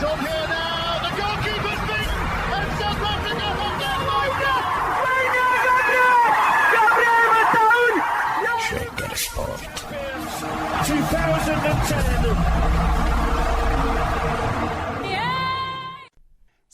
Job here now.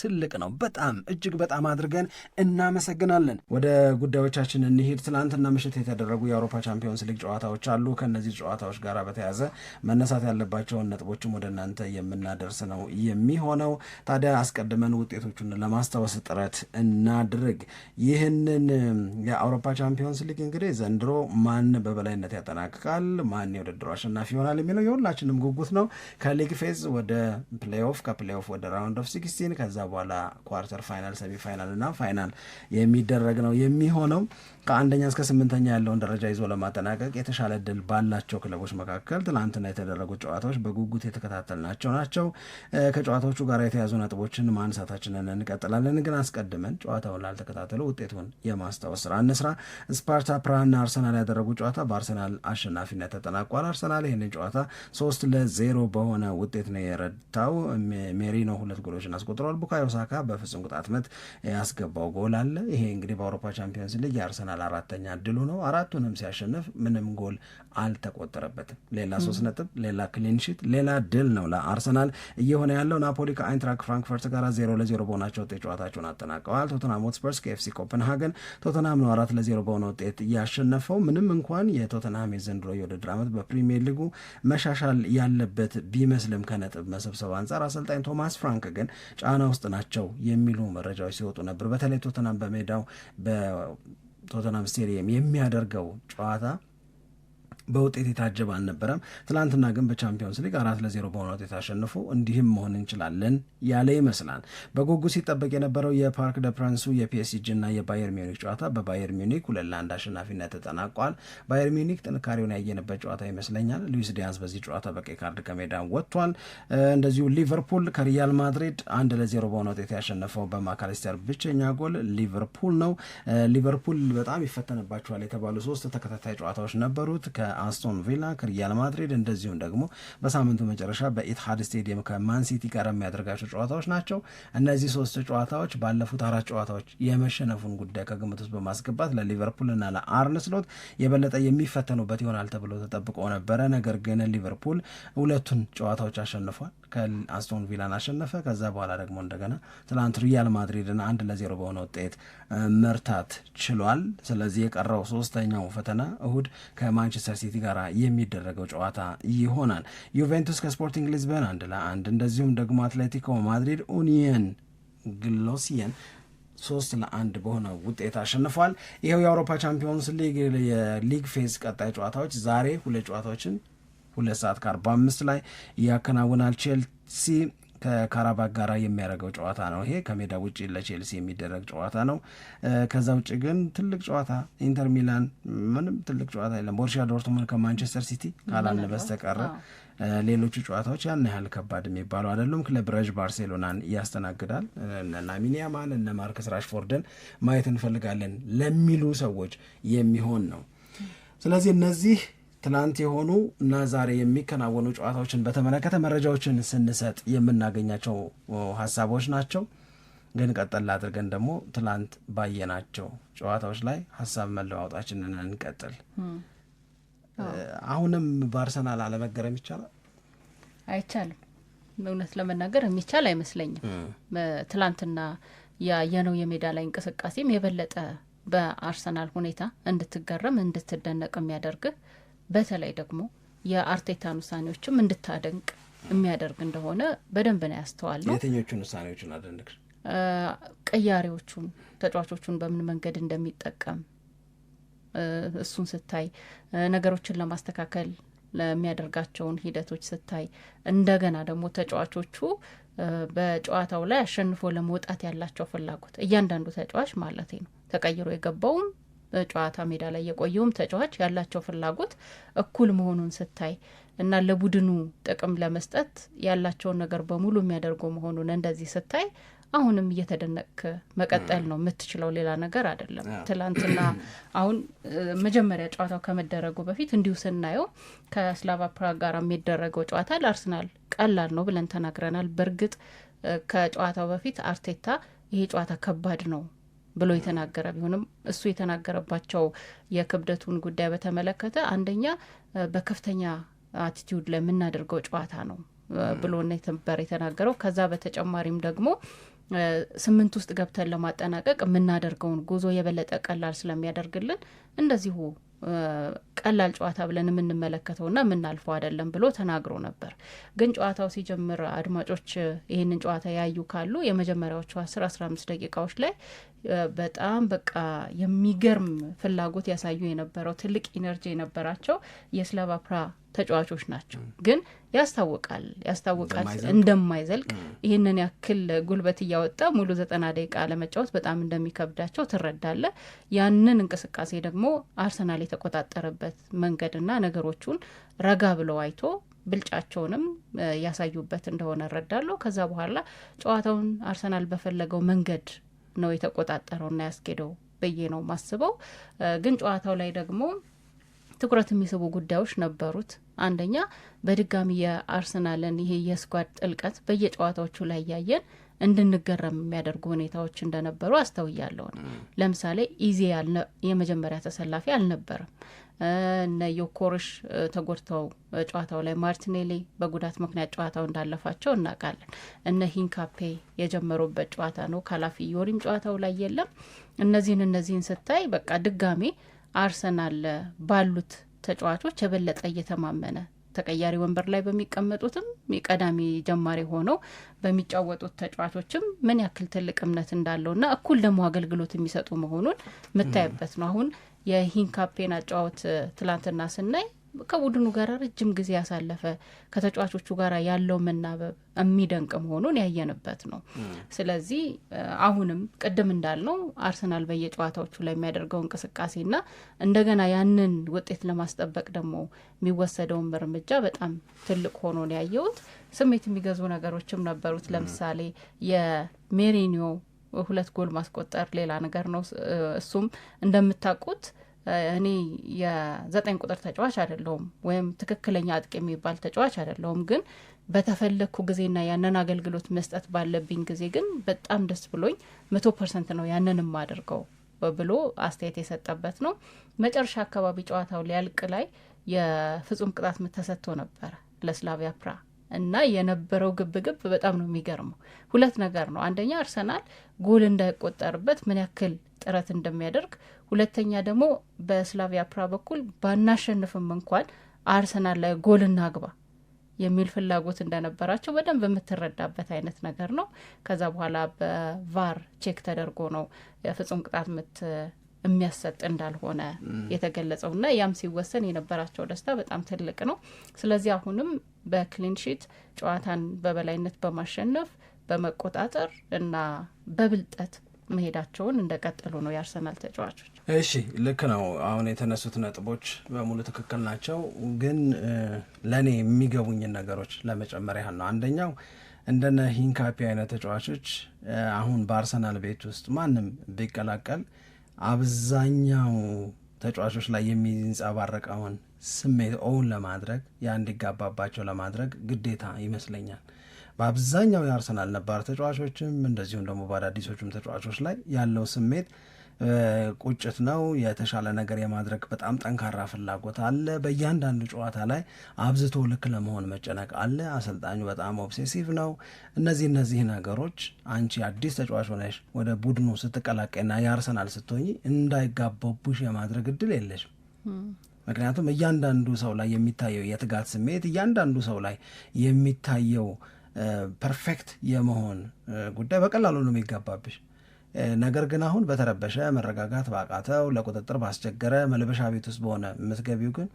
ትልቅ ነው። በጣም እጅግ በጣም አድርገን እናመሰግናለን። ወደ ጉዳዮቻችን እንሂድ። ትናንትና ምሽት የተደረጉ የአውሮፓ ቻምፒዮንስ ሊግ ጨዋታዎች አሉ። ከእነዚህ ጨዋታዎች ጋር በተያያዘ መነሳት ያለባቸውን ነጥቦችም ወደ እናንተ የምናደርስ ነው የሚሆነው። ታዲያ አስቀድመን ውጤቶቹን ለማስታወስ ጥረት እናድርግ። ይህንን የአውሮፓ ቻምፒዮንስ ሊግ እንግዲህ ዘንድሮ ማን በበላይነት ያጠናቅቃል፣ ማን የውድድሩ አሸናፊ ይሆናል የሚለው የሁላችንም ጉጉት ነው። ከሊግ ፌዝ ወደ ፕሌይኦፍ፣ ከፕሌይኦፍ ወደ ራውንድ ኦፍ ሲክስቲን ከዛ በኋላ ኳርተር ፋይናል፣ ሰሚ ፋይናል እና ፋይናል የሚደረግ ነው የሚሆነው። ከአንደኛ እስከ ስምንተኛ ያለውን ደረጃ ይዞ ለማጠናቀቅ የተሻለ ድል ባላቸው ክለቦች መካከል ትላንትና የተደረጉት ጨዋታዎች በጉጉት የተከታተልናቸው ናቸው። ከጨዋታዎቹ ጋር የተያዙ ነጥቦችን ማንሳታችንን እንቀጥላለን። ግን አስቀድመን ጨዋታውን ላልተከታተሉ ውጤቱን የማስታወስ ስራ እንስራ። ስፓርታ ፕራና አርሰናል ያደረጉት ጨዋታ በአርሰናል አሸናፊነት ተጠናቋል። አርሰናል ይህንን ጨዋታ ሶስት ለዜሮ በሆነ ውጤት ነው የረታው። ነው ሁለት ጎሎችን አስቆጥረዋል። ቡካዮ ሳካ በፍጹም ቅጣት ምት ያስገባው ጎል አለ። ይሄ እንግዲህ በአውሮፓ ቻምፒዮንስ ሊግ የአርሰናል አራተኛ ድሉ ነው። አራቱንም ሲያሸንፍ ምንም ጎል አልተቆጠረበትም። ሌላ ሶስት ነጥብ፣ ሌላ ክሊንሺት፣ ሌላ ድል ነው ለአርሰናል እየሆነ ያለው። ናፖሊ ከአይንትራክ ፍራንክፈርት ጋር ዜሮ ለዜሮ በሆናቸው ውጤት ጨዋታቸውን አጠናቀዋል። ቶተናም ሆትስፐርስ ከኤፍሲ ኮፐንሃገን ቶተናም ነው አራት ለዜሮ በሆነ ውጤት ያሸነፈው። ምንም እንኳን የቶተንሃም የዘንድሮ የውድድር ዓመት በፕሪሚየር ሊጉ መሻሻል ያለበት ቢመስልም ከነጥብ መሰብሰብ አንጻር አሰልጣኝ ቶማስ ፍራንክ ግን ጫና ውስጥ ናቸው የሚሉ መረጃዎች ሲወጡ ነበር። በተለይ ቶተናም በሜዳው በቶተናም ስቴዲየም የሚያደርገው ጨዋታ በውጤት የታጀበ አልነበረም። ትናንትና ግን በቻምፒዮንስ ሊግ አራት ለዜሮ በሆነ ውጤት አሸንፎ እንዲህም መሆን እንችላለን ያለ ይመስላል። በጎጉ ሲጠበቅ የነበረው የፓርክ ደ ፕራንሱ የፒኤስጂ እና የባየር ሚኒክ ጨዋታ በባየር ሚኒክ ሁለት ለአንድ አሸናፊነት ተጠናቋል። ባየር ሚኒክ ጥንካሬውን ያየንበት ጨዋታ ይመስለኛል። ሉዊስ ዲያዝ በዚህ ጨዋታ በቀይ ካርድ ከሜዳ ወጥቷል። እንደዚሁ ሊቨርፑል ከሪያል ማድሪድ አንድ ለዜሮ በሆነ ውጤት ያሸነፈው በማካሊስተር ብቸኛ ጎል ሊቨርፑል ነው። ሊቨርፑል በጣም ይፈተንባቸዋል የተባሉ ሶስት ተከታታይ ጨዋታዎች ነበሩት ከ ከአስቶን ቪላ ከሪያል ማድሪድ እንደዚሁም ደግሞ በሳምንቱ መጨረሻ በኢትሃድ ስቴዲየም ከማንሲቲ ጋር የሚያደርጋቸው ጨዋታዎች ናቸው። እነዚህ ሶስት ጨዋታዎች ባለፉት አራት ጨዋታዎች የመሸነፉን ጉዳይ ከግምት ውስጥ በማስገባት ለሊቨርፑልና ለአርንስሎት ስሎት የበለጠ የሚፈተኑበት ይሆናል ተብሎ ተጠብቆ ነበረ። ነገር ግን ሊቨርፑል ሁለቱን ጨዋታዎች አሸንፏል። ከአስቶን ቪላን አሸነፈ። ከዛ በኋላ ደግሞ እንደገና ትላንት ሪያል ማድሪድን አንድ ለዜሮ በሆነ ውጤት መርታት ችሏል። ስለዚህ የቀረው ሶስተኛው ፈተና እሁድ ከማንቸስተር ሲቲ ጋር የሚደረገው ጨዋታ ይሆናል። ዩቬንቱስ ከስፖርቲንግ ሊዝበን አንድ ለአንድ እንደዚሁም ደግሞ አትሌቲኮ ማድሪድ ኡኒየን ግሎሲየን ሶስት ለአንድ በሆነ ውጤት አሸንፏል። ይኸው የአውሮፓ ቻምፒዮንስ ሊግ የሊግ ፌዝ ቀጣይ ጨዋታዎች ዛሬ ሁለት ጨዋታዎችን ሁለት ሰዓት ከአርባ አምስት ላይ ያከናውናል። ቼልሲ ከካራባክ ጋር የሚያደርገው ጨዋታ ነው። ይሄ ከሜዳ ውጭ ለቼልሲ የሚደረግ ጨዋታ ነው። ከዛ ውጭ ግን ትልቅ ጨዋታ ኢንተር ሚላን ምንም ትልቅ ጨዋታ የለም። ቦርሻ ዶርትሙንድ ከማንቸስተር ሲቲ ካላን በስተቀረ ሌሎቹ ጨዋታዎች ያን ያህል ከባድ የሚባሉ አይደሉም። ክለብ ረዥ ባርሴሎናን ያስተናግዳል። እነ ሚኒያማን እነ ማርከስ ራሽፎርድን ማየት እንፈልጋለን ለሚሉ ሰዎች የሚሆን ነው። ስለዚህ እነዚህ ትናንት የሆኑ እና ዛሬ የሚከናወኑ ጨዋታዎችን በተመለከተ መረጃዎችን ስንሰጥ የምናገኛቸው ሀሳቦች ናቸው። ግን ቀጠል አድርገን ደግሞ ትላንት ባየናቸው ጨዋታዎች ላይ ሀሳብ መለዋወጣችንን እንቀጥል። አሁንም በአርሰናል አለመገረም ይቻላል? አይቻልም። እውነት ለመናገር የሚቻል አይመስለኝም። ትላንትና ያየነው የሜዳ ላይ እንቅስቃሴም የበለጠ በአርሰናል ሁኔታ እንድትገረም እንድትደነቅ የሚያደርግህ በተለይ ደግሞ የአርቴታን ውሳኔዎችም እንድታደንቅ የሚያደርግ እንደሆነ በደንብ ነው ያስተዋል ነው። የትኞቹን ውሳኔዎችን አደንቅ? ቀያሪዎቹን፣ ተጫዋቾቹን በምን መንገድ እንደሚጠቀም እሱን ስታይ፣ ነገሮችን ለማስተካከል ለሚያደርጋቸውን ሂደቶች ስታይ፣ እንደገና ደግሞ ተጫዋቾቹ በጨዋታው ላይ አሸንፎ ለመውጣት ያላቸው ፍላጎት እያንዳንዱ ተጫዋች ማለት ነው ተቀይሮ የገባውም በጨዋታ ሜዳ ላይ የቆየውም ተጫዋች ያላቸው ፍላጎት እኩል መሆኑን ስታይ እና ለቡድኑ ጥቅም ለመስጠት ያላቸውን ነገር በሙሉ የሚያደርጉ መሆኑን እንደዚህ ስታይ አሁንም እየተደነቅ መቀጠል ነው የምትችለው። ሌላ ነገር አይደለም። ትላንትና አሁን መጀመሪያ ጨዋታው ከመደረጉ በፊት እንዲሁ ስናየው ከስላቫ ፕራግ ጋር የሚደረገው ጨዋታ ለአርስናል ቀላል ነው ብለን ተናግረናል። በእርግጥ ከጨዋታው በፊት አርቴታ ይሄ ጨዋታ ከባድ ነው ብሎ የተናገረ ቢሆንም እሱ የተናገረባቸው የክብደቱን ጉዳይ በተመለከተ አንደኛ በከፍተኛ አቲቲዩድ ላይ የምናደርገው ጨዋታ ነው ብሎ ነበር የተናገረው። ከዛ በተጨማሪም ደግሞ ስምንት ውስጥ ገብተን ለማጠናቀቅ የምናደርገውን ጉዞ የበለጠ ቀላል ስለሚያደርግልን እንደዚሁ ቀላል ጨዋታ ብለን የምንመለከተውና የምናልፈው አይደለም ብሎ ተናግሮ ነበር። ግን ጨዋታው ሲጀምር አድማጮች ይህንን ጨዋታ ያዩ ካሉ የመጀመሪያዎቹ አስር አስራ አምስት ደቂቃዎች ላይ በጣም በቃ የሚገርም ፍላጎት ያሳዩ የነበረው ትልቅ ኢነርጂ የነበራቸው የስላቫ ፕራ ተጫዋቾች ናቸው። ግን ያስታውቃል ያስታውቃል እንደማይዘልቅ ይህንን ያክል ጉልበት እያወጣ ሙሉ ዘጠና ደቂቃ ለመጫወት በጣም እንደሚከብዳቸው ትረዳለ። ያንን እንቅስቃሴ ደግሞ አርሰናል የተቆጣጠረበት መንገድና ነገሮቹን ረጋ ብሎ አይቶ ብልጫቸውንም ያሳዩበት እንደሆነ እረዳለሁ። ከዛ በኋላ ጨዋታውን አርሰናል በፈለገው መንገድ ነው የተቆጣጠረውና ያስኬደው ብዬ ነው ማስበው። ግን ጨዋታው ላይ ደግሞ ትኩረት የሚስቡ ጉዳዮች ነበሩት። አንደኛ በድጋሚ የአርሰናልን ይሄ የስኳድ ጥልቀት በየጨዋታዎቹ ላይ እያየን እንድንገረም የሚያደርጉ ሁኔታዎች እንደነበሩ አስተውያለሁ። ለምሳሌ ኢዜ የመጀመሪያ ተሰላፊ አልነበረም። እነ ዮኮርሽ ተጎድተው ጨዋታው ላይ ማርቲኔሌ በጉዳት ምክንያት ጨዋታው እንዳለፋቸው እናውቃለን። እነ ሂንካፔ የጀመሩበት ጨዋታ ነው። ዮሪም ጨዋታው ላይ የለም። እነዚህን እነዚህን ስታይ በቃ ድጋሜ አርሰናል ባሉት ተጫዋቾች የበለጠ እየተማመነ ተቀያሪ ወንበር ላይ በሚቀመጡትም ቀዳሚ ጀማሪ ሆነው በሚጫወጡት ተጫዋቾችም ምን ያክል ትልቅ እምነት እንዳለውና እኩል ደግሞ አገልግሎት የሚሰጡ መሆኑን የምታይበት ነው። አሁን የሂንካፔን አጫዋወት ትላንትና ስናይ ከቡድኑ ጋር ረጅም ጊዜ ያሳለፈ ከተጫዋቾቹ ጋር ያለው መናበብ የሚደንቅ መሆኑን ያየንበት ነው። ስለዚህ አሁንም ቅድም እንዳልነው አርሰናል በየጨዋታዎቹ ላይ የሚያደርገው እንቅስቃሴና እንደገና ያንን ውጤት ለማስጠበቅ ደግሞ የሚወሰደውን እርምጃ በጣም ትልቅ ሆኖ ነው ያየሁት። ስሜት የሚገዙ ነገሮችም ነበሩት። ለምሳሌ የሜሪኒዮ ሁለት ጎል ማስቆጠር ሌላ ነገር ነው። እሱም እንደምታውቁት እኔ የዘጠኝ ቁጥር ተጫዋች አይደለሁም ወይም ትክክለኛ አጥቂ የሚባል ተጫዋች አይደለሁም፣ ግን በተፈለግኩ ጊዜና ያንን አገልግሎት መስጠት ባለብኝ ጊዜ ግን በጣም ደስ ብሎኝ መቶ ፐርሰንት ነው ያንን የማደርገው ብሎ አስተያየት የሰጠበት ነው። መጨረሻ አካባቢ ጨዋታው ሊያልቅ ላይ የፍጹም ቅጣት ምት ተሰጥቶ ነበረ ለስላቪያ ፕራ እና የነበረው ግብግብ በጣም ነው የሚገርመው። ሁለት ነገር ነው። አንደኛ አርሰናል ጎል እንዳይቆጠርበት ምን ያክል ጥረት እንደሚያደርግ ሁለተኛ ደግሞ በስላቪያ ፕራ በኩል ባናሸንፍም እንኳን አርሰናል ላይ ጎል እናግባ የሚል ፍላጎት እንደነበራቸው በደንብ የምትረዳበት አይነት ነገር ነው። ከዛ በኋላ በቫር ቼክ ተደርጎ ነው የፍጹም ቅጣት ምት የሚያሰጥ እንዳልሆነ የተገለጸው እና ያም ሲወሰን የነበራቸው ደስታ በጣም ትልቅ ነው። ስለዚህ አሁንም በክሊንሺት ጨዋታን በበላይነት በማሸነፍ በመቆጣጠር እና በብልጠት መሄዳቸውን እንደቀጠሉ ነው የአርሰናል ተጫዋቾች። እሺ ልክ ነው። አሁን የተነሱት ነጥቦች በሙሉ ትክክል ናቸው፣ ግን ለእኔ የሚገቡኝን ነገሮች ለመጨመር ያህል ነው። አንደኛው እንደነ ሂንካፒ አይነት ተጫዋቾች አሁን በአርሰናል ቤት ውስጥ ማንም ቢቀላቀል አብዛኛው ተጫዋቾች ላይ የሚንጸባረቀውን ስሜት ኦውን ለማድረግ ያ እንዲጋባባቸው ለማድረግ ግዴታ ይመስለኛል በአብዛኛው የአርሰናል ነባር ተጫዋቾችም እንደዚሁም ደግሞ በአዳዲሶቹም ተጫዋቾች ላይ ያለው ስሜት ቁጭት ነው። የተሻለ ነገር የማድረግ በጣም ጠንካራ ፍላጎት አለ። በእያንዳንዱ ጨዋታ ላይ አብዝቶ ልክ ለመሆን መጨነቅ አለ። አሰልጣኙ በጣም ኦብሴሲቭ ነው። እነዚህ እነዚህ ነገሮች አንቺ አዲስ ተጫዋች ሆነሽ ወደ ቡድኑ ስትቀላቀይና የአርሰናል ስትሆኚ እንዳይጋባቡሽ የማድረግ እድል የለሽም። ምክንያቱም እያንዳንዱ ሰው ላይ የሚታየው የትጋት ስሜት፣ እያንዳንዱ ሰው ላይ የሚታየው ፐርፌክት የመሆን ጉዳይ በቀላሉ ነው የሚጋባብሽ። ነገር ግን አሁን በተረበሸ መረጋጋት ባቃተው ለቁጥጥር ባስቸገረ መልበሻ ቤት ውስጥ በሆነ የምትገቢው ግን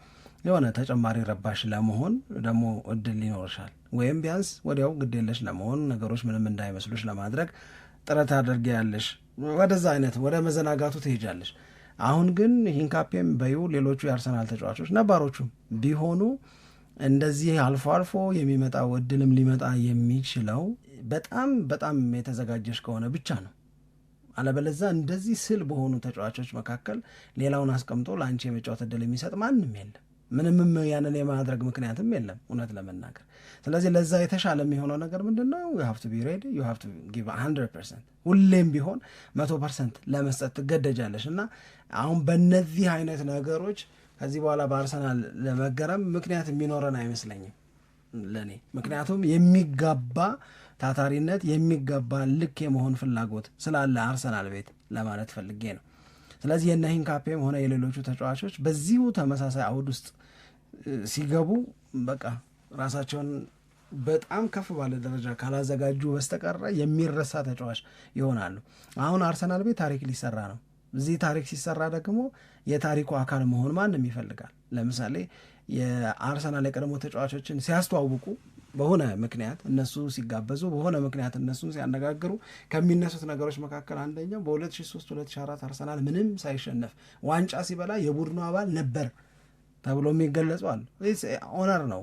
የሆነ ተጨማሪ ረባሽ ለመሆን ደግሞ እድል ይኖርሻል። ወይም ቢያንስ ወዲያው ግዴለሽ ለመሆን ነገሮች ምንም እንዳይመስሉሽ ለማድረግ ጥረት ታደርጊያለሽ። ወደዛ አይነት ወደ መዘናጋቱ ትሄጃለሽ። አሁን ግን ሂንካፔም በዩ ሌሎቹ የአርሰናል ተጫዋቾች ነባሮቹም ቢሆኑ እንደዚህ አልፎ አልፎ የሚመጣው እድልም ሊመጣ የሚችለው በጣም በጣም የተዘጋጀሽ ከሆነ ብቻ ነው። አለበለዛ እንደዚህ ስል በሆኑ ተጫዋቾች መካከል ሌላውን አስቀምጦ ለአንቺ የመጫወት እድል የሚሰጥ ማንም የለም። ምንምም ያንን የማድረግ ምክንያትም የለም እውነት ለመናገር። ስለዚህ ለዛ የተሻለ የሚሆነው ነገር ምንድን ነው? ዩ ቱ ቢ ሬዲ ዩ ቱ ጊቭ ሀንድረድ ፐርሰንት። ሁሌም ቢሆን መቶ ፐርሰንት ለመስጠት ትገደጃለሽ እና አሁን በእነዚህ አይነት ነገሮች ከዚህ በኋላ በአርሰናል ለመገረም ምክንያት የሚኖረን አይመስለኝም ለእኔ ምክንያቱም የሚጋባ ታታሪነት የሚገባ ልክ የመሆን ፍላጎት ስላለ አርሰናል ቤት ለማለት ፈልጌ ነው። ስለዚህ የነ ሂንካፔም ሆነ የሌሎቹ ተጫዋቾች በዚሁ ተመሳሳይ አውድ ውስጥ ሲገቡ በቃ ራሳቸውን በጣም ከፍ ባለ ደረጃ ካላዘጋጁ በስተቀረ የሚረሳ ተጫዋች ይሆናሉ። አሁን አርሰናል ቤት ታሪክ ሊሰራ ነው። እዚህ ታሪክ ሲሰራ ደግሞ የታሪኩ አካል መሆን ማንም ይፈልጋል። ለምሳሌ የአርሰናል የቀድሞ ተጫዋቾችን ሲያስተዋውቁ በሆነ ምክንያት እነሱ ሲጋበዙ በሆነ ምክንያት እነሱን ሲያነጋግሩ ከሚነሱት ነገሮች መካከል አንደኛው በ2003 2004 አርሰናል ምንም ሳይሸነፍ ዋንጫ ሲበላ የቡድኑ አባል ነበር ተብሎ የሚገለጹ ኦነር ነው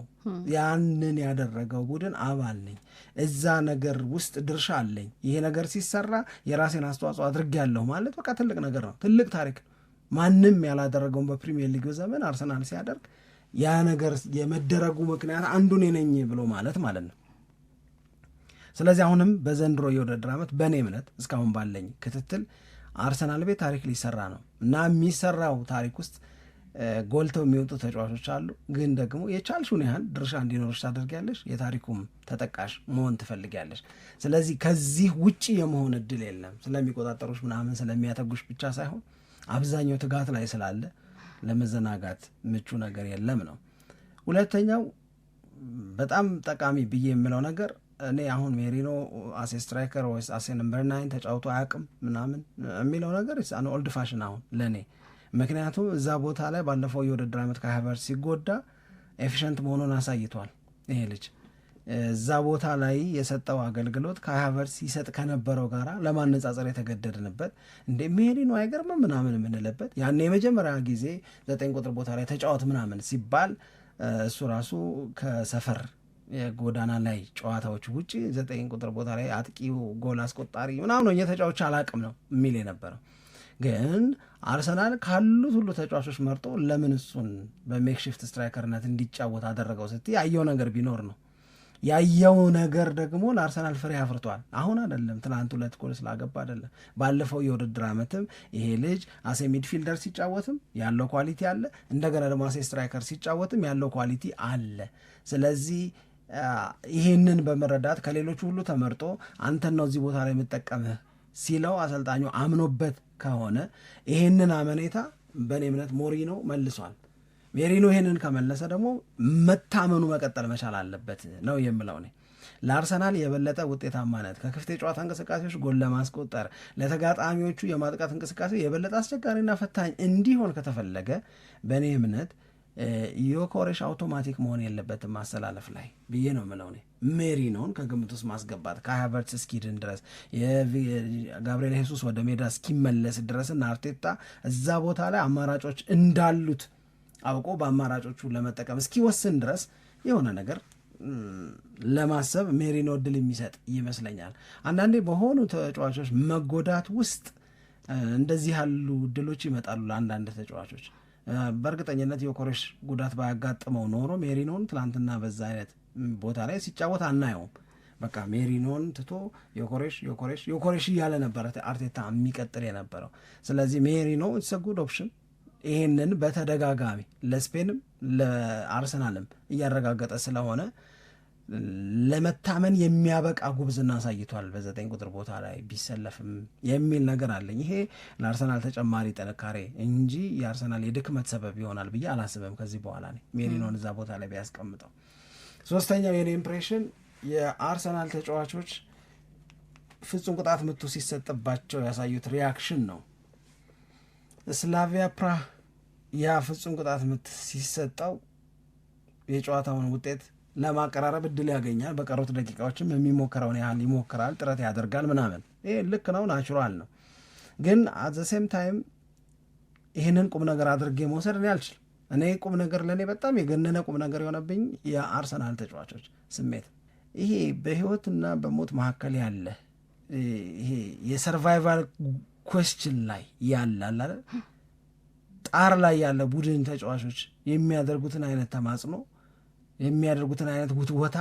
ያንን ያደረገው ቡድን አባል ነኝ፣ እዛ ነገር ውስጥ ድርሻ አለኝ፣ ይሄ ነገር ሲሰራ የራሴን አስተዋጽኦ አድርጌያለሁ ማለት በቃ ትልቅ ነገር ነው፣ ትልቅ ታሪክ ነው። ማንም ያላደረገውን በፕሪሚየር ሊግ ዘመን አርሰናል ሲያደርግ ያ ነገር የመደረጉ ምክንያት አንዱ እኔ ነኝ ብሎ ማለት ማለት ነው። ስለዚህ አሁንም በዘንድሮ የውድድር ዓመት በእኔ እምነት እስካሁን ባለኝ ክትትል አርሰናል ቤት ታሪክ ሊሰራ ነው እና የሚሰራው ታሪክ ውስጥ ጎልተው የሚወጡ ተጫዋቾች አሉ። ግን ደግሞ የቻልሽውን ያህል ድርሻ እንዲኖርሽ ታደርጊያለሽ፣ የታሪኩም ተጠቃሽ መሆን ትፈልጊያለሽ። ስለዚህ ከዚህ ውጭ የመሆን እድል የለም። ስለሚቆጣጠሩሽ ምናምን ስለሚያተጉሽ ብቻ ሳይሆን አብዛኛው ትጋት ላይ ስላለ ለመዘናጋት ምቹ ነገር የለም ነው። ሁለተኛው በጣም ጠቃሚ ብዬ የምለው ነገር እኔ አሁን ሜሪኖ አሴ ስትራይከር ወይ አሴ ነምበር ናይን ተጫውቶ አያውቅም ምናምን የሚለው ነገር ኦልድ ፋሽን አሁን ለእኔ ምክንያቱም እዛ ቦታ ላይ ባለፈው የውድድር ዓመት ከሀቨርት ሲጎዳ ኤፊሸንት መሆኑን አሳይቷል። ይሄ ልጅ እዛ ቦታ ላይ የሰጠው አገልግሎት ከሀቨር ሲሰጥ ከነበረው ጋራ ለማነጻጸር የተገደድንበት እንደ መሄድ ነው ምናምን የምንልበት ያን የመጀመሪያ ጊዜ ዘጠኝ ቁጥር ቦታ ላይ ተጫወት ምናምን ሲባል እሱ ራሱ ከሰፈር የጎዳና ላይ ጨዋታዎች ውጭ ዘጠኝ ቁጥር ቦታ ላይ አጥቂው ጎል አስቆጣሪ ምናምን ሆኜ ተጫዋች አላቅም ነው የሚል የነበረው ግን አርሰናል ካሉት ሁሉ ተጫዋቾች መርጦ ለምን እሱን በሜክሽፍት ስትራይከርነት እንዲጫወት አደረገው ስትይ ያየው ነገር ቢኖር ነው። ያየው ነገር ደግሞ ለአርሰናል ፍሬ አፍርቷል። አሁን አደለም፣ ትናንት ሁለት ጎል ስላገባ አይደለም፣ ባለፈው የውድድር ዓመትም ይሄ ልጅ አሴ ሚድፊልደር ሲጫወትም ያለው ኳሊቲ አለ፣ እንደገና ደግሞ አሴ ስትራይከር ሲጫወትም ያለው ኳሊቲ አለ። ስለዚህ ይህንን በመረዳት ከሌሎቹ ሁሉ ተመርጦ አንተን ነው እዚህ ቦታ ላይ የምጠቀምህ ሲለው አሰልጣኙ አምኖበት ከሆነ ይሄንን አመኔታ በእኔ እምነት ሞሪኖ መልሷል። ሜሪኖ ይሄንን ከመለሰ ደግሞ መታመኑ መቀጠል መቻል አለበት ነው የምለው እኔ ለአርሰናል የበለጠ ውጤታማነት ከክፍት የጨዋታ እንቅስቃሴዎች ጎል ለማስቆጠር ለተጋጣሚዎቹ የማጥቃት እንቅስቃሴ የበለጠ አስቸጋሪና ፈታኝ እንዲሆን ከተፈለገ በእኔ እምነት ዮኮሬሽ አውቶማቲክ መሆን የለበትም ማሰላለፍ ላይ ብዬ ነው ምለው። እኔ ሜሪኖን ከግምት ውስጥ ማስገባት ከሀቨርትዝ እስኪድን ድረስ ጋብርኤል ሄሱስ ወደ ሜዳ እስኪመለስ ድረስና አርቴታ እዛ ቦታ ላይ አማራጮች እንዳሉት አውቆ በአማራጮቹ ለመጠቀም እስኪወስን ድረስ የሆነ ነገር ለማሰብ ሜሪኖ እድል የሚሰጥ ይመስለኛል። አንዳንዴ በሆኑ ተጫዋቾች መጎዳት ውስጥ እንደዚህ ያሉ እድሎች ይመጣሉ ለአንዳንድ ተጫዋቾች በእርግጠኝነት የኮሬሽ ጉዳት ባያጋጥመው ኖሮ ሜሪኖን ትላንትና በዛ አይነት ቦታ ላይ ሲጫወት አናየውም። በቃ ሜሪኖን ትቶ የኮሬሽ የኮሬሽ የኮሬሽ እያለ ነበረ አርቴታ የሚቀጥል የነበረው። ስለዚህ ሜሪኖ ኢትስ ጉድ ኦፕሽን። ይህንን በተደጋጋሚ ለስፔንም ለአርሰናልም እያረጋገጠ ስለሆነ ለመታመን የሚያበቃ ጉብዝና አሳይቷል በዘጠኝ ቁጥር ቦታ ላይ ቢሰለፍም የሚል ነገር አለኝ። ይሄ ለአርሰናል ተጨማሪ ጥንካሬ እንጂ የአርሰናል የድክመት ሰበብ ይሆናል ብዬ አላስብም። ከዚህ በኋላ ነው ሜሪኖን እዛ ቦታ ላይ ቢያስቀምጠው። ሶስተኛው የኔ ኢምፕሬሽን የአርሰናል ተጫዋቾች ፍጹም ቅጣት ምቱ ሲሰጥባቸው ያሳዩት ሪያክሽን ነው። ስላቪያ ፕራህ ያ ፍጹም ቅጣት ምት ሲሰጠው የጨዋታውን ውጤት ለማቀራረብ እድል ያገኛል። በቀሩት ደቂቃዎችም የሚሞክረውን ያህል ይሞክራል፣ ጥረት ያደርጋል ምናምን። ይህ ልክ ነው፣ ናቹራል ነው። ግን ሴም ታይም ይህንን ቁም ነገር አድርጌ መውሰድ እኔ አልችልም። እኔ ቁም ነገር ለእኔ በጣም የገነነ ቁም ነገር የሆነብኝ የአርሰናል ተጫዋቾች ስሜት ይሄ በህይወትና በሞት መካከል ያለ ይሄ የሰርቫይቫል ኮስችን ላይ ያለ ጣር ላይ ያለ ቡድን ተጫዋቾች የሚያደርጉትን አይነት ተማጽኖ የሚያደርጉትን አይነት ውትወታ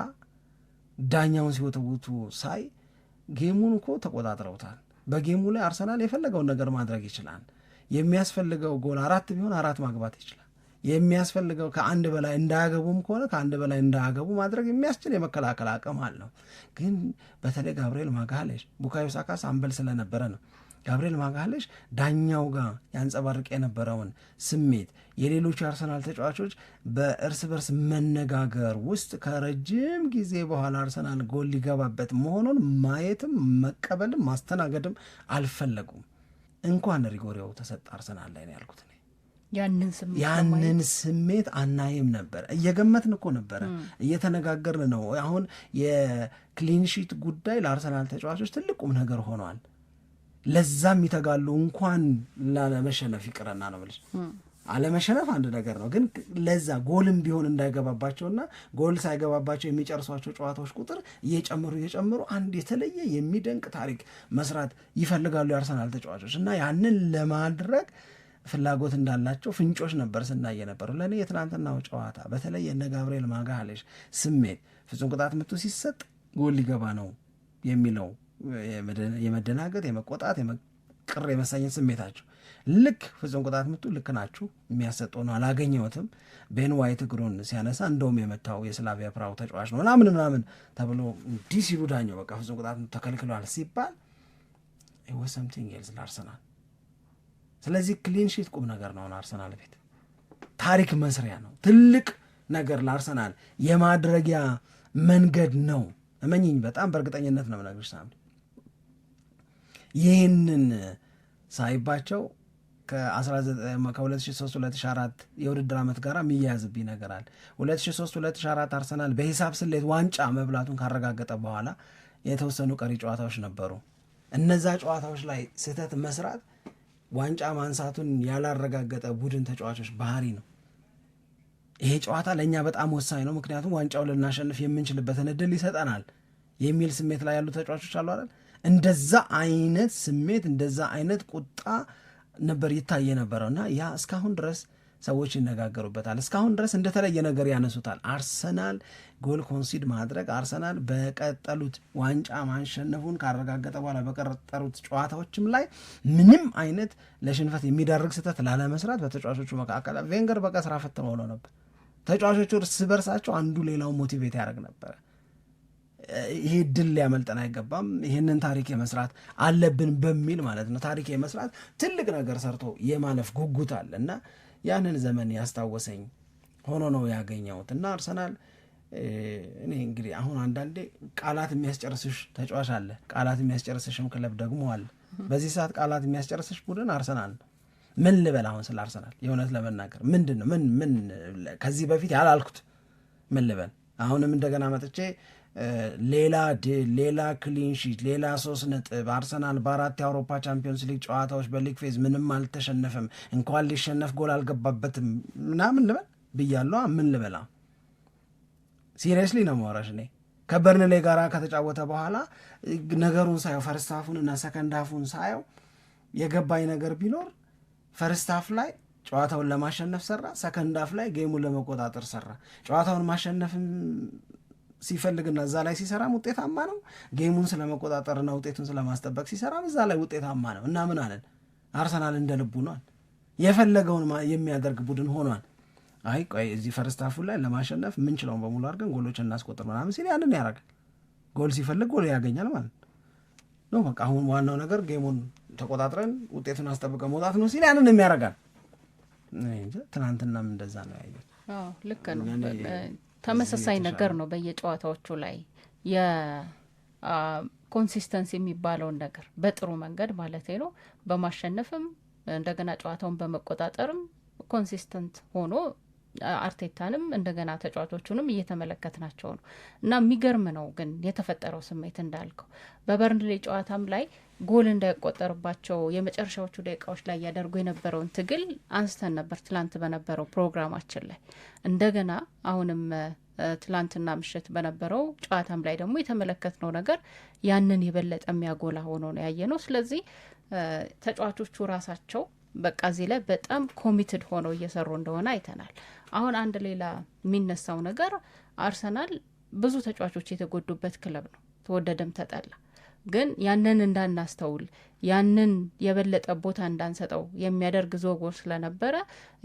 ዳኛውን ሲወተውቱ ሳይ ጌሙን እኮ ተቆጣጥረውታል። በጌሙ ላይ አርሰናል የፈለገውን ነገር ማድረግ ይችላል። የሚያስፈልገው ጎል አራት ቢሆን አራት ማግባት ይችላል። የሚያስፈልገው ከአንድ በላይ እንዳያገቡም ከሆነ ከአንድ በላይ እንዳያገቡ ማድረግ የሚያስችል የመከላከል አቅም አለው። ግን በተለይ ጋብርኤል ማጋሌሽ ቡካዮ ሳካ አምበል ስለነበረ ነው ጋብርኤል ማጋለሽ ዳኛው ጋር ያንጸባርቅ የነበረውን ስሜት የሌሎች የአርሰናል ተጫዋቾች በእርስ በርስ መነጋገር ውስጥ ከረጅም ጊዜ በኋላ አርሰናል ጎል ሊገባበት መሆኑን ማየትም መቀበልም ማስተናገድም አልፈለጉም። እንኳን ሪጎሪያው ተሰጠ አርሰናል ላይ ነው ያልኩት። ያንን ስሜት አናይም ነበር። እየገመትን እኮ ነበረ፣ እየተነጋገርን ነው። አሁን የክሊንሺት ጉዳይ ለአርሰናል ተጫዋቾች ትልቅ ቁም ነገር ሆኗል። ለዛም ይተጋሉ። እንኳን ላለመሸነፍ ይቅረና ነው ብለሽ አለመሸነፍ አንድ ነገር ነው፣ ግን ለዛ ጎልም ቢሆን እንዳይገባባቸውና ጎል ሳይገባባቸው የሚጨርሷቸው ጨዋታዎች ቁጥር እየጨመሩ እየጨመሩ አንድ የተለየ የሚደንቅ ታሪክ መስራት ይፈልጋሉ የአርሰናል ተጫዋቾች እና ያንን ለማድረግ ፍላጎት እንዳላቸው ፍንጮች ነበር ስናየ ነበሩ። ለእኔ የትናንትናው ጨዋታ በተለይ የነ ጋብርኤል ማጋሌሽ ስሜት ፍጹም ቅጣት ምቱ ሲሰጥ ጎል ሊገባ ነው የሚለው የመደናገጥ፣ የመቆጣት፣ የመቅር የመሳኘት ስሜታቸው ልክ ፍጹም ቅጣት ምቱ ልክ ናችሁ የሚያሰጠ ነው። አላገኘሁትም። ቤን ዋይት እግሩን ሲያነሳ እንደውም የመታው የስላቪያ ፕራው ተጫዋች ነው ምናምን ምናምን ተብሎ እንዲህ ሲሉ ዳኛው በቃ ፍጹም ቅጣት ምቱ ተከልክሏል ሲባል ወሰምቲንግ ኤልዝ ለአርሰናል። ስለዚህ ክሊንሺት ቁም ነገር ነው አርሰናል ቤት ታሪክ መስሪያ ነው። ትልቅ ነገር ለአርሰናል የማድረጊያ መንገድ ነው። እመኝኝ፣ በጣም በእርግጠኝነት ነው የምነግርሽ ሳምሪ ይህንን ሳይባቸው ከ2003/2004 የውድድር ዓመት ጋር የሚያያዝብኝ ነገር አለ። 2003/2004 አርሰናል በሂሳብ ስሌት ዋንጫ መብላቱን ካረጋገጠ በኋላ የተወሰኑ ቀሪ ጨዋታዎች ነበሩ። እነዛ ጨዋታዎች ላይ ስህተት መስራት ዋንጫ ማንሳቱን ያላረጋገጠ ቡድን ተጫዋቾች ባህሪ ነው። ይሄ ጨዋታ ለእኛ በጣም ወሳኝ ነው፣ ምክንያቱም ዋንጫው ልናሸንፍ የምንችልበትን እድል ይሰጠናል የሚል ስሜት ላይ ያሉ ተጫዋቾች አሉ አይደል? እንደዛ አይነት ስሜት እንደዛ አይነት ቁጣ ነበር ይታየ ነበረው እና ያ እስካሁን ድረስ ሰዎች ይነጋገሩበታል። እስካሁን ድረስ እንደተለየ ነገር ያነሱታል። አርሰናል ጎል ኮንሲድ ማድረግ አርሰናል በቀጠሉት ዋንጫ ማሸነፉን ካረጋገጠ በኋላ በቀጠሩት ጨዋታዎችም ላይ ምንም አይነት ለሽንፈት የሚደርግ ስህተት ላለመስራት በተጫዋቾቹ መካከል ቬንገር በቃ ስራ ፈት ሆኖ ነበር። ተጫዋቾቹ እርስ በርሳቸው አንዱ ሌላው ሞቲቬት ያደርግ ነበረ። ይሄ ድል ሊያመልጠን አይገባም። ይህንን ታሪክ የመስራት አለብን በሚል ማለት ነው። ታሪክ የመስራት ትልቅ ነገር ሰርቶ የማለፍ ጉጉት አለ እና ያንን ዘመን ያስታወሰኝ ሆኖ ነው ያገኘሁት እና አርሰናል እኔ እንግዲህ አሁን አንዳንዴ ቃላት የሚያስጨርስሽ ተጫዋች አለ፣ ቃላት የሚያስጨርስሽም ክለብ ደግሞ አለ። በዚህ ሰዓት ቃላት የሚያስጨርስሽ ቡድን አርሰናል ነው። ምን ልበል አሁን ስለ አርሰናል የእውነት ለመናገር ምንድን ነው ምን ምን ከዚህ በፊት ያላልኩት ምን ልበል አሁንም እንደገና መጥቼ ሌላ ድል፣ ሌላ ክሊንሺት፣ ሌላ ሶስት ነጥብ። አርሰናል በአራት የአውሮፓ ቻምፒዮንስ ሊግ ጨዋታዎች በሊግ ፌዝ ምንም አልተሸነፈም። እንኳን ሊሸነፍ ጎል አልገባበትም ምናምን ልበል ብያለሁ። ምን ልበላ ሲሪየስሊ ነው መረሽ እኔ ከበርንሌ ጋር ከተጫወተ በኋላ ነገሩን ሳየው ፈርስታፉን እና ሰከንዳፉን ሳየው የገባኝ ነገር ቢኖር ፈርስታፍ ላይ ጨዋታውን ለማሸነፍ ሰራ፣ ሰከንዳፍ ላይ ጌሙን ለመቆጣጠር ሰራ። ጨዋታውን ማሸነፍም ሲፈልግና እዛ ላይ ሲሰራም ውጤታማ ነው። ጌሙን ስለመቆጣጠርና ውጤቱን ስለማስጠበቅ ሲሰራም እዛ ላይ ውጤታማ ነው እና ምን አለን አርሰናል እንደ ልቡ ነዋል የፈለገውን የሚያደርግ ቡድን ሆኗል። አይ ቆይ እዚህ ፈርስታፉ ላይ ለማሸነፍ ችለውን በሙሉ አድርገን ጎሎች እናስቆጥር ምናምን ሲል ያንን ያደርጋል። ጎል ሲፈልግ ጎል ያገኛል ማለት ነው። በቃ አሁን ዋናው ነገር ጌሙን ተቆጣጥረን ውጤቱን አስጠብቀ መውጣት ነው ሲል ያንን የሚያደርጋል። ትናንትናም እንደዛ ነው ያየሁት። ልክ ነው። ተመሳሳይ ነገር ነው በየጨዋታዎቹ ላይ የኮንሲስተንስ የሚባለውን ነገር በጥሩ መንገድ ማለት ነው በማሸነፍም እንደገና ጨዋታውን በመቆጣጠርም ኮንሲስተንት ሆኖ አርቴታንም እንደገና ተጫዋቾቹንም እየተመለከት ናቸው ነው እና የሚገርም ነው ግን የተፈጠረው ስሜት እንዳልከው በበርንሌ ጨዋታም ላይ ጎል እንዳይቆጠርባቸው የመጨረሻዎቹ ደቂቃዎች ላይ እያደርጉ የነበረውን ትግል አንስተን ነበር ትላንት በነበረው ፕሮግራማችን ላይ እንደገና አሁንም ትላንትና ምሽት በነበረው ጨዋታም ላይ ደግሞ የተመለከትነው ነገር ያንን የበለጠ የሚያጎላ ሆኖ ነው ያየ ነው ስለዚህ ተጫዋቾቹ ራሳቸው በቃ እዚህ ላይ በጣም ኮሚትድ ሆነው እየሰሩ እንደሆነ አይተናል አሁን አንድ ሌላ የሚነሳው ነገር አርሰናል ብዙ ተጫዋቾች የተጎዱበት ክለብ ነው፣ ተወደደም ተጠላ። ግን ያንን እንዳናስተውል ያንን የበለጠ ቦታ እንዳንሰጠው የሚያደርግ ዝውውር ስለነበረ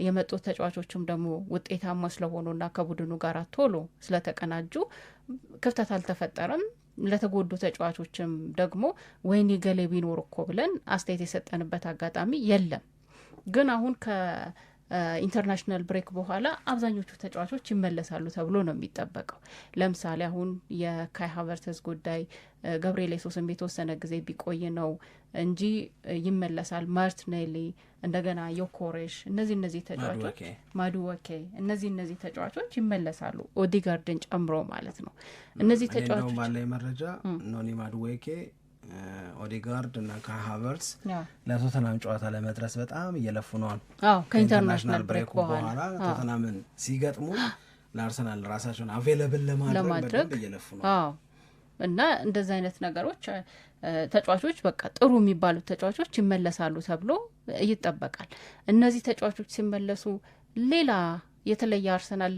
የመጡት ተጫዋቾችም ደግሞ ውጤታማ ስለሆኑና ከቡድኑ ጋር ቶሎ ስለተቀናጁ ክፍተት አልተፈጠረም። ለተጎዱ ተጫዋቾችም ደግሞ ወይኔ ገሌ ቢኖር እኮ ብለን አስተያየት የሰጠንበት አጋጣሚ የለም። ግን አሁን ከ ኢንተርናሽናል ብሬክ በኋላ አብዛኞቹ ተጫዋቾች ይመለሳሉ ተብሎ ነው የሚጠበቀው። ለምሳሌ አሁን የካይ ሀቨርተስ ጉዳይ ገብርኤል የሱስም የተወሰነ ጊዜ ቢቆይ ነው እንጂ ይመለሳል። ማርትኔሊ፣ እንደገና ዮኮሬሽ፣ እነዚህ እነዚህ ተጫዋቾች ማዱወኬ፣ እነዚህ እነዚህ ተጫዋቾች ይመለሳሉ፣ ኦዲጋርድን ጨምሮ ማለት ነው። እነዚህ ተጫዋቾች ባለ መረጃ ኖኒ ማዱዌኬ ኦዲጋርድ እና ከሀቨርስ ለቶተናም ጨዋታ ለመድረስ በጣም እየለፉ ነዋል። ከኢንተርናሽናል ብሬክ በኋላ ቶተናምን ሲገጥሙ ለአርሰናል ራሳቸውን አቬለብል ለማድረግ እየለፉ ነው እና እንደዚህ አይነት ነገሮች ተጫዋቾች በቃ ጥሩ የሚባሉት ተጫዋቾች ይመለሳሉ ተብሎ ይጠበቃል። እነዚህ ተጫዋቾች ሲመለሱ ሌላ የተለየ አርሰናል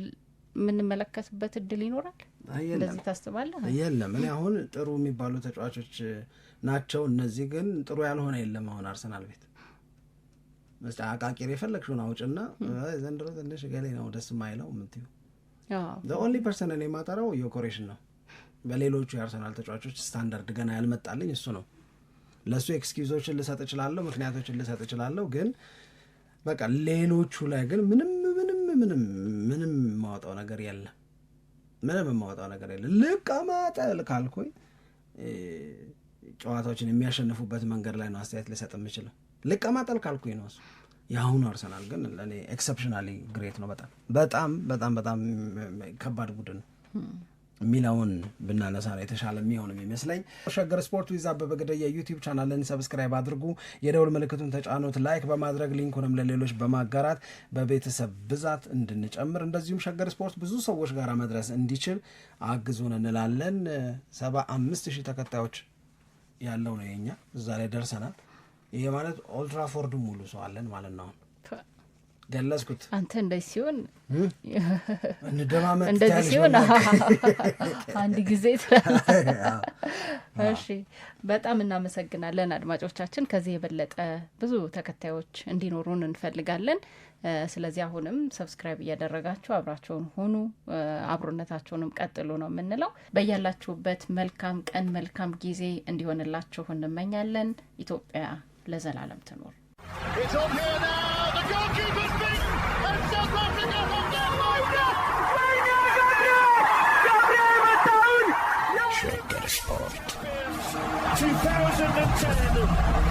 የምንመለከትበት እድል ይኖራል። እንደዚህ ታስባለህ? የለም እኔ አሁን ጥሩ የሚባሉ ተጫዋቾች ናቸው እነዚህ። ግን ጥሩ ያልሆነ የለም። አሁን አርሰናል ቤት መስ አቃቂር የፈለግሽውን አውጭና ዘንድሮ ትንሽ ገሌ ነው ደስ የማይለው ምትዩ ኦንሊ ፐርሰን እኔ የማጠራው ነው። በሌሎቹ የአርሰናል ተጫዋቾች ስታንዳርድ ገና ያልመጣልኝ እሱ ነው። ለእሱ ኤክስኪውዞችን ልሰጥ እችላለሁ፣ ምክንያቶችን ልሰጥ እችላለሁ። ግን በቃ ሌሎቹ ላይ ግን ምንም ምንም ምንም ምንም የማወጣው ነገር የለም። ምንም የማወጣው ነገር የለም። ማጠል ካልኩኝ ጨዋታዎችን የሚያሸንፉበት መንገድ ላይ ነው አስተያየት ልሰጥ የምችለው። ልቀማጠል ካልኩኝ ነው እሱ። የአሁኑ አርሰናል ግን ለእኔ ኤክሰፕሽናሊ ግሬት ነው። በጣም በጣም በጣም በጣም ከባድ ቡድን ነው። ሚለውን ብናነሳ ነው የተሻለ የሚሆንም ይመስለኝ። ሸገር ስፖርት ዊዝ አበበ ግደይ የዩቲዩብ ቻናልን ሰብስክራይብ አድርጉ፣ የደውል ምልክቱን ተጫኑት፣ ላይክ በማድረግ ሊንኩንም ለሌሎች በማጋራት በቤተሰብ ብዛት እንድንጨምር እንደዚሁም ሸገር ስፖርት ብዙ ሰዎች ጋር መድረስ እንዲችል አግዙን እንላለን። ሰባ አምስት ሺህ ተከታዮች ያለው ነው የኛ እዛ ላይ ደርሰናል። ይሄ ማለት ኦልትራፎርድ ሙሉ ሰው አለን ማለት ነው። ገለጽኩት። አንተ እንደዚህ ሲሆን እንደማመጥ እንደዚህ ሲሆን አንድ ጊዜ እሺ። በጣም እናመሰግናለን አድማጮቻችን። ከዚህ የበለጠ ብዙ ተከታዮች እንዲኖሩን እንፈልጋለን። ስለዚህ አሁንም ሰብስክራይብ እያደረጋችሁ አብራቸውን ሆኑ አብሮነታቸውንም ቀጥሉ ነው የምንለው። በያላችሁበት መልካም ቀን መልካም ጊዜ እንዲሆንላችሁ እንመኛለን። ኢትዮጵያ ለዘላለም ትኖር። Schwetter Sport. 2010